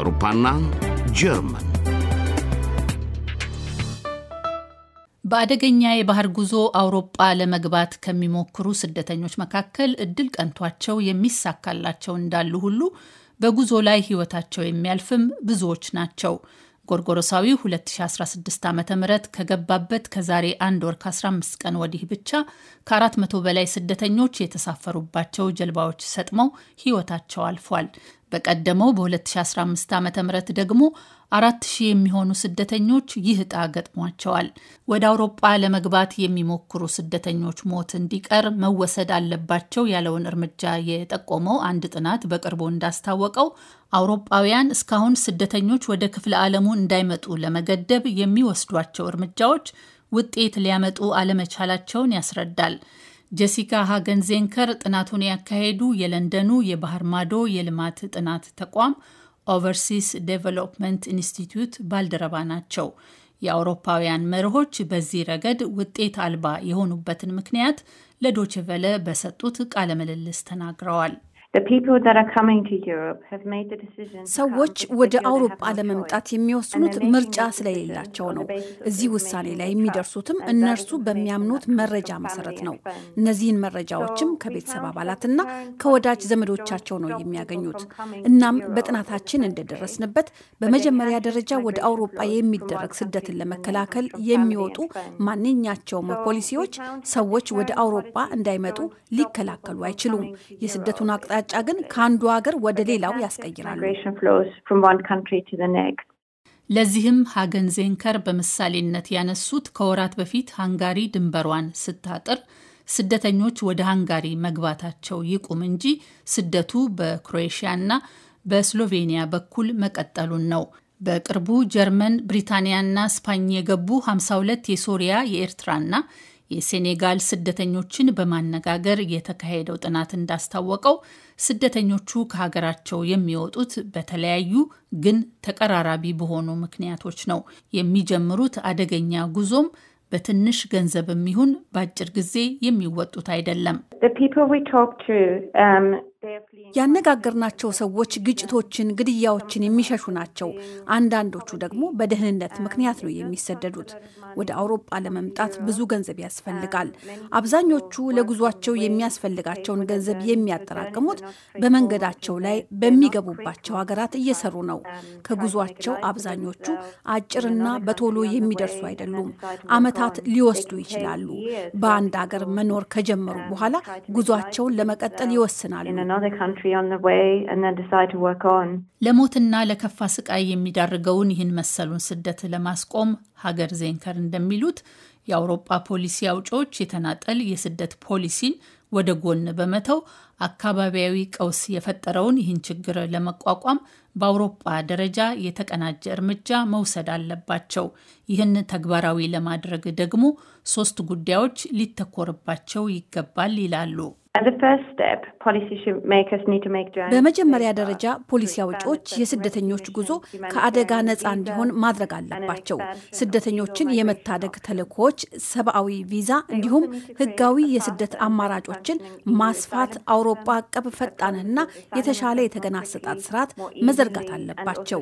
አውሮፓና ጀርመን በአደገኛ የባህር ጉዞ አውሮጳ ለመግባት ከሚሞክሩ ስደተኞች መካከል እድል ቀንቷቸው የሚሳካላቸው እንዳሉ ሁሉ በጉዞ ላይ ሕይወታቸው የሚያልፍም ብዙዎች ናቸው። ጎርጎሮሳዊ 2016 ዓ ም ከገባበት ከዛሬ አንድ ወር ከ15 ቀን ወዲህ ብቻ ከ400 በላይ ስደተኞች የተሳፈሩባቸው ጀልባዎች ሰጥመው ሕይወታቸው አልፏል። በቀደመው በ2015 ዓ ም ደግሞ አራት ሺህ የሚሆኑ ስደተኞች ይህ እጣ ገጥሟቸዋል። ወደ አውሮጳ ለመግባት የሚሞክሩ ስደተኞች ሞት እንዲቀር መወሰድ አለባቸው ያለውን እርምጃ የጠቆመው አንድ ጥናት በቅርቡ እንዳስታወቀው አውሮጳውያን እስካሁን ስደተኞች ወደ ክፍለ ዓለሙ እንዳይመጡ ለመገደብ የሚወስዷቸው እርምጃዎች ውጤት ሊያመጡ አለመቻላቸውን ያስረዳል። ጀሲካ ሃገን ዜንከር ጥናቱን ያካሄዱ የለንደኑ የባህር ማዶ የልማት ጥናት ተቋም ኦቨርሲስ ዴቨሎፕመንት ኢንስቲትዩት ባልደረባ ናቸው። የአውሮፓውያን መርሆች በዚህ ረገድ ውጤት አልባ የሆኑበትን ምክንያት ለዶችቨለ በሰጡት ቃለ ምልልስ ተናግረዋል። ሰዎች ወደ አውሮፓ ለመምጣት የሚወስኑት ምርጫ ስለሌላቸው ነው። እዚህ ውሳኔ ላይ የሚደርሱትም እነርሱ በሚያምኑት መረጃ መሰረት ነው። እነዚህን መረጃዎችም ከቤተሰብ አባላትና ከወዳጅ ዘመዶቻቸው ነው የሚያገኙት። እናም በጥናታችን እንደደረስንበት በመጀመሪያ ደረጃ ወደ አውሮፓ የሚደረግ ስደትን ለመከላከል የሚወጡ ማንኛቸውም ፖሊሲዎች ሰዎች ወደ አውሮፓ እንዳይመጡ ሊከላከሉ አይችሉም። የስደቱን አቅጣ አቅጣጫ ግን ከአንዱ ሀገር ወደ ሌላው ያስቀይራል። ለዚህም ሀገን ዜንከር በምሳሌነት ያነሱት ከወራት በፊት ሃንጋሪ ድንበሯን ስታጥር ስደተኞች ወደ ሃንጋሪ መግባታቸው ይቁም እንጂ ስደቱ በክሮኤሽያና በስሎቬኒያ በኩል መቀጠሉን ነው። በቅርቡ ጀርመን፣ ብሪታንያና ስፓኝ የገቡ 52 የሶሪያ የኤርትራና የሴኔጋል ስደተኞችን በማነጋገር የተካሄደው ጥናት እንዳስታወቀው ስደተኞቹ ከሀገራቸው የሚወጡት በተለያዩ ግን ተቀራራቢ በሆኑ ምክንያቶች ነው። የሚጀምሩት አደገኛ ጉዞም በትንሽ ገንዘብም ይሁን በአጭር ጊዜ የሚወጡት አይደለም። ያነጋገርናቸው ሰዎች ግጭቶችን፣ ግድያዎችን የሚሸሹ ናቸው። አንዳንዶቹ ደግሞ በደህንነት ምክንያት ነው የሚሰደዱት። ወደ አውሮፓ ለመምጣት ብዙ ገንዘብ ያስፈልጋል። አብዛኞቹ ለጉዟቸው የሚያስፈልጋቸውን ገንዘብ የሚያጠራቅሙት በመንገዳቸው ላይ በሚገቡባቸው ሀገራት እየሰሩ ነው። ከጉዟቸው አብዛኞቹ አጭርና በቶሎ የሚደርሱ አይደሉም። ዓመታት ሊወስዱ ይችላሉ። በአንድ ሀገር መኖር ከጀመሩ በኋላ ጉዟቸውን ለመቀጠል ይወስናሉ። ለሞትና ለከፋ ስቃይ የሚዳርገውን ይህን መሰሉን ስደት ለማስቆም ሀገር ዜንከር እንደሚሉት የአውሮፓ ፖሊሲ አውጪዎች የተናጠል የስደት ፖሊሲን ወደ ጎን በመተው አካባቢያዊ ቀውስ የፈጠረውን ይህን ችግር ለመቋቋም በአውሮፓ ደረጃ የተቀናጀ እርምጃ መውሰድ አለባቸው። ይህን ተግባራዊ ለማድረግ ደግሞ ሶስት ጉዳዮች ሊተኮርባቸው ይገባል ይላሉ። uh, በመጀመሪያ ደረጃ ፖሊሲ አውጪዎች የስደተኞች ጉዞ ከአደጋ ነፃ እንዲሆን ማድረግ አለባቸው። ስደተኞችን የመታደግ ተልዕኮዎች፣ ሰብአዊ ቪዛ እንዲሁም ህጋዊ የስደት አማራጮችን ማስፋት አውሮ አውሮፓ አቀፍ ፈጣንና የተሻለ የተገን አሰጣጥ ስርዓት መዘርጋት አለባቸው።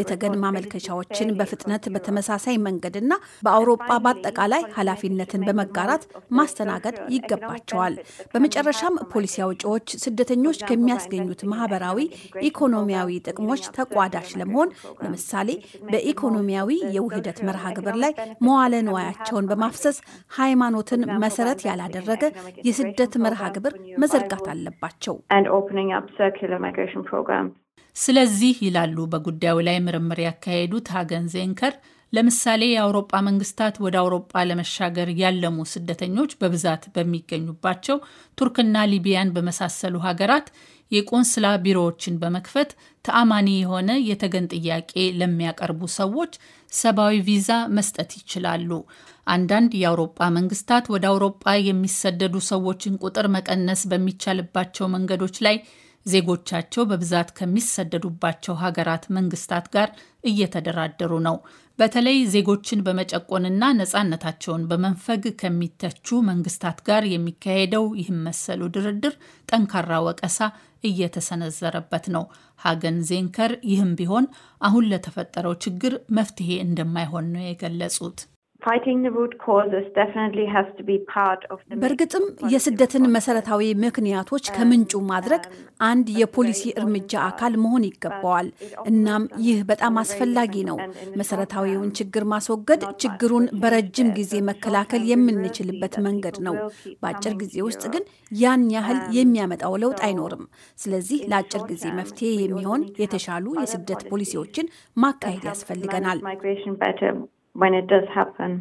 የተገን ማመልከቻዎችን በፍጥነት በተመሳሳይ መንገድና በአውሮፓ በአጠቃላይ ኃላፊነትን በመጋራት ማስተናገድ ይገባቸዋል። በመጨረሻም ፖሊሲ አውጪዎች ስደተኞች ከሚያስገኙት ማህበራዊ፣ ኢኮኖሚያዊ ጥቅሞች ተቋዳሽ ለመሆን ለምሳሌ በኢኮኖሚያዊ የውህደት መርሃ ግብር ላይ መዋለ ንዋያቸውን በማፍሰስ ሃይማኖትን መሰረት ያላደረገ የስደት መርሃ ግብር መዘርጋት አለ አለባቸው። ስለዚህ ይላሉ በጉዳዩ ላይ ምርምር ያካሄዱት ሀገን ዜንከር ለምሳሌ የአውሮጳ መንግስታት ወደ አውሮጳ ለመሻገር ያለሙ ስደተኞች በብዛት በሚገኙባቸው ቱርክና ሊቢያን በመሳሰሉ ሀገራት የቆንስላ ቢሮዎችን በመክፈት ተአማኒ የሆነ የተገን ጥያቄ ለሚያቀርቡ ሰዎች ሰብአዊ ቪዛ መስጠት ይችላሉ። አንዳንድ የአውሮጳ መንግስታት ወደ አውሮጳ የሚሰደዱ ሰዎችን ቁጥር መቀነስ በሚቻልባቸው መንገዶች ላይ ዜጎቻቸው በብዛት ከሚሰደዱባቸው ሀገራት መንግስታት ጋር እየተደራደሩ ነው። በተለይ ዜጎችን በመጨቆንና ነፃነታቸውን በመንፈግ ከሚተቹ መንግስታት ጋር የሚካሄደው ይህም መሰሉ ድርድር ጠንካራ ወቀሳ እየተሰነዘረበት ነው። ሀገን ዜንከር ይህም ቢሆን አሁን ለተፈጠረው ችግር መፍትሄ እንደማይሆን ነው የገለጹት። በእርግጥም የስደትን መሰረታዊ ምክንያቶች ከምንጩ ማድረግ um, አንድ የፖሊሲ እርምጃ አካል መሆን ይገባዋል። እናም ይህ በጣም አስፈላጊ ነው። መሰረታዊውን um, ችግር ማስወገድ ችግሩን በረጅም ጊዜ መከላከል የምንችልበት መንገድ ነው። በአጭር ጊዜ ውስጥ ግን ያን ያህል um, የሚያመጣው ለውጥ አይኖርም። ስለዚህ ለአጭር ጊዜ መፍትሄ የሚሆን የተሻሉ የስደት ፖሊሲዎችን ማካሄድ ያስፈልገናል። when it does happen.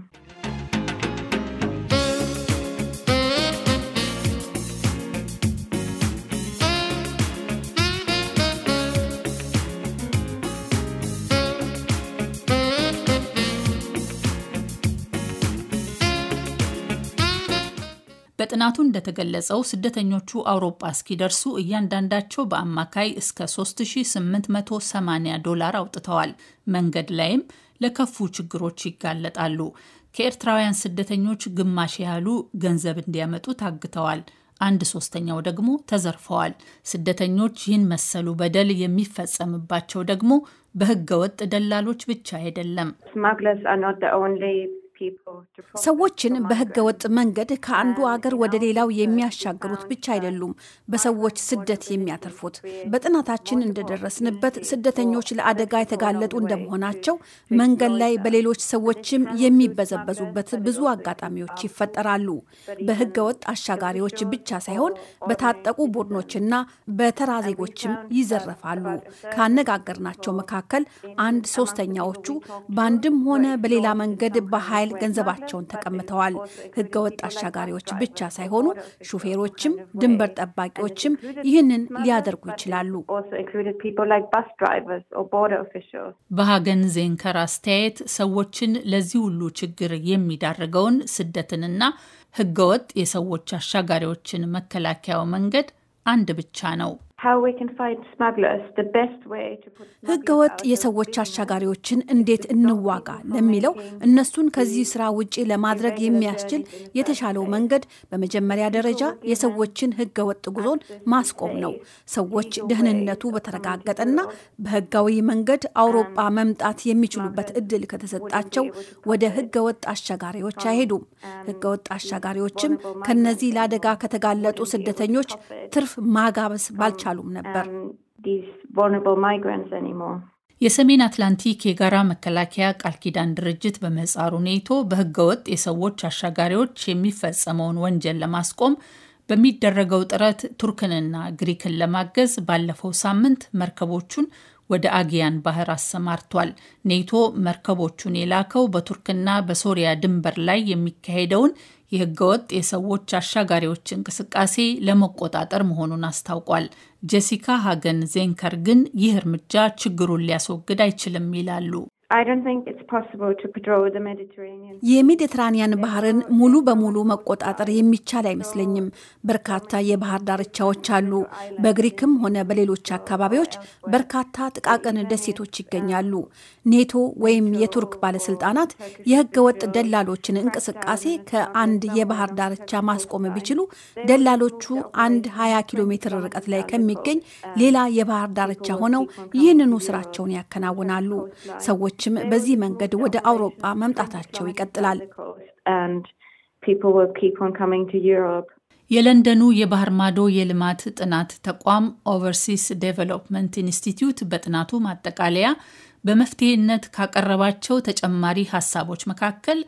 በጥናቱ እንደተገለጸው ስደተኞቹ አውሮፓ እስኪደርሱ እያንዳንዳቸው በአማካይ እስከ 3880 ዶላር አውጥተዋል። መንገድ ላይም ለከፉ ችግሮች ይጋለጣሉ። ከኤርትራውያን ስደተኞች ግማሽ ያህሉ ገንዘብ እንዲያመጡ ታግተዋል። አንድ ሶስተኛው ደግሞ ተዘርፈዋል። ስደተኞች ይህን መሰሉ በደል የሚፈጸምባቸው ደግሞ በህገወጥ ደላሎች ብቻ አይደለም። ሰዎችን በህገ ወጥ መንገድ ከአንዱ አገር ወደ ሌላው የሚያሻግሩት ብቻ አይደሉም በሰዎች ስደት የሚያተርፉት። በጥናታችን እንደደረስንበት ስደተኞች ለአደጋ የተጋለጡ እንደመሆናቸው መንገድ ላይ በሌሎች ሰዎችም የሚበዘበዙበት ብዙ አጋጣሚዎች ይፈጠራሉ። በህገ ወጥ አሻጋሪዎች ብቻ ሳይሆን በታጠቁ ቡድኖችና በተራ ዜጎችም ይዘረፋሉ። ካነጋገርናቸው መካከል አንድ ሶስተኛዎቹ በአንድም ሆነ በሌላ መንገድ በኃይል ኃይል ገንዘባቸውን ተቀምተዋል። ህገወጥ አሻጋሪዎች ብቻ ሳይሆኑ ሹፌሮችም ድንበር ጠባቂዎችም ይህንን ሊያደርጉ ይችላሉ። በሀገን ዜንከር አስተያየት ሰዎችን ለዚህ ሁሉ ችግር የሚዳርገውን ስደትንና ህገወጥ የሰዎች አሻጋሪዎችን መከላከያው መንገድ አንድ ብቻ ነው። ወጥ የሰዎች አሻጋሪዎችን እንዴት እንዋጋ ለሚለው እነሱን ከዚህ ስራ ውጪ ለማድረግ የሚያስችል የተሻለው መንገድ በመጀመሪያ ደረጃ የሰዎችን ህገወጥ ጉዞን ማስቆም ነው። ሰዎች ደህንነቱ በተረጋገጠና በህጋዊ መንገድ um, አውሮፓ መምጣት የሚችሉበት እድል ከተሰጣቸው ወደ ህገወጥ አሻጋሪዎች አይሄዱም። ህገወጥ አሻጋሪዎችም ከነዚህ ለአደጋ ከተጋለጡ ስደተኞች ትርፍ ማጋበስ ባልቻ አልቻሉም ነበር። um, የሰሜን አትላንቲክ የጋራ መከላከያ ቃል ኪዳን ድርጅት በምህጻሩ ኔቶ በህገወጥ የሰዎች አሻጋሪዎች የሚፈጸመውን ወንጀል ለማስቆም በሚደረገው ጥረት ቱርክንና ግሪክን ለማገዝ ባለፈው ሳምንት መርከቦቹን ወደ አግያን ባህር አሰማርቷል። ኔቶ መርከቦቹን የላከው በቱርክና በሶሪያ ድንበር ላይ የሚካሄደውን የህገወጥ የሰዎች አሻጋሪዎች እንቅስቃሴ ለመቆጣጠር መሆኑን አስታውቋል። ጄሲካ ሀገን ዜንከር ግን ይህ እርምጃ ችግሩን ሊያስወግድ አይችልም ይላሉ። የሜዲትራኒያን ባህርን ሙሉ በሙሉ መቆጣጠር የሚቻል አይመስለኝም። በርካታ የባህር ዳርቻዎች አሉ። በግሪክም ሆነ በሌሎች አካባቢዎች በርካታ ጥቃቅን ደሴቶች ይገኛሉ። ኔቶ ወይም የቱርክ ባለስልጣናት የህገወጥ ደላሎችን እንቅስቃሴ ከአንድ የባህር ዳርቻ ማስቆም ቢችሉ ደላሎቹ አንድ 20 ኪሎ ሜትር ርቀት ላይ ከሚገኝ ሌላ የባህር ዳርቻ ሆነው ይህንኑ ስራቸውን ያከናውናሉ። ሰዎች ሰዎችም በዚህ መንገድ ወደ አውሮጳ መምጣታቸው ይቀጥላል። የለንደኑ የባህር ማዶ የልማት ጥናት ተቋም ኦቨርሲስ ዴቨሎፕመንት ኢንስቲትዩት በጥናቱ ማጠቃለያ በመፍትሄነት ካቀረባቸው ተጨማሪ ሀሳቦች መካከል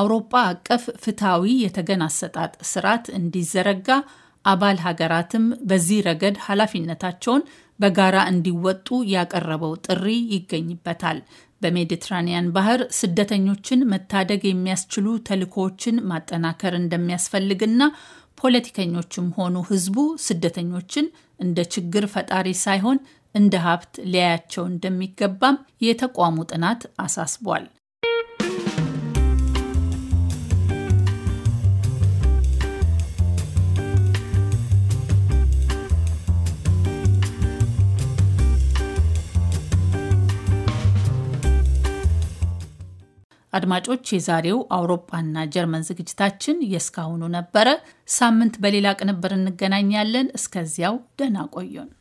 አውሮፓ አቀፍ ፍትሐዊ የተገን አሰጣጥ ስርዓት እንዲዘረጋ አባል ሀገራትም በዚህ ረገድ ኃላፊነታቸውን በጋራ እንዲወጡ ያቀረበው ጥሪ ይገኝበታል። በሜዲትራኒያን ባህር ስደተኞችን መታደግ የሚያስችሉ ተልእኮዎችን ማጠናከር እንደሚያስፈልግና ፖለቲከኞችም ሆኑ ህዝቡ ስደተኞችን እንደ ችግር ፈጣሪ ሳይሆን እንደ ሀብት ሊያያቸው እንደሚገባም የተቋሙ ጥናት አሳስቧል። አድማጮች፣ የዛሬው አውሮፓና ጀርመን ዝግጅታችን የእስካሁኑ ነበረ። ሳምንት በሌላ ቅንብር እንገናኛለን። እስከዚያው ደህና ቆዩን።